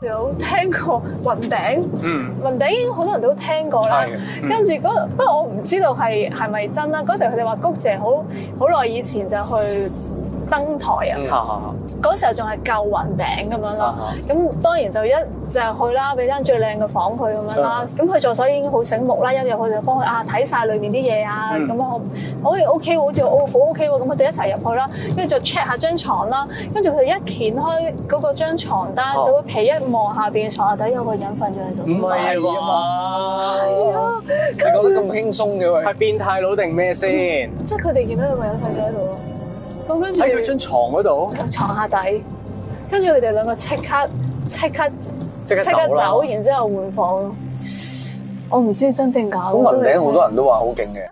有聽過雲頂，嗯，雲頂應該好多人都聽過啦。跟住嗰，不過我唔知道係係咪真啦。嗰時佢哋話谷姐好好耐以前就去。登台啊！嗰、嗯、時候仲係舊雲頂咁樣咯，咁、嗯、當然就一就去啦，俾張最靚嘅房佢咁樣啦。咁佢做手已經好醒目啦，一入去就幫佢啊睇晒裏面啲嘢啊，咁啊、嗯，好似 OK，好似好、oh, OK 喎，咁我哋一齊入去啦，跟住就 check 下張床啦，跟住佢哋一掀開嗰個張床單，嗰個、嗯、被一望下邊床下底有個人瞓咗喺度，唔係啊？係啊！佢講得咁輕鬆嘅喎，係變態佬定咩先？即係佢哋見到有個人瞓咗喺度。嗯喺佢張床嗰度，床下底，跟住佢哋兩個即刻即刻即刻走，即刻走然之後換房。我唔知真定假。好雲頂，好多人都話好勁嘅。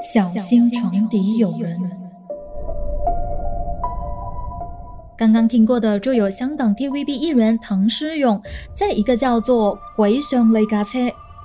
小心床底有人。剛剛聽過的就有香港 TVB 藝人唐詩詠，在一個叫做《鬼上你架車》。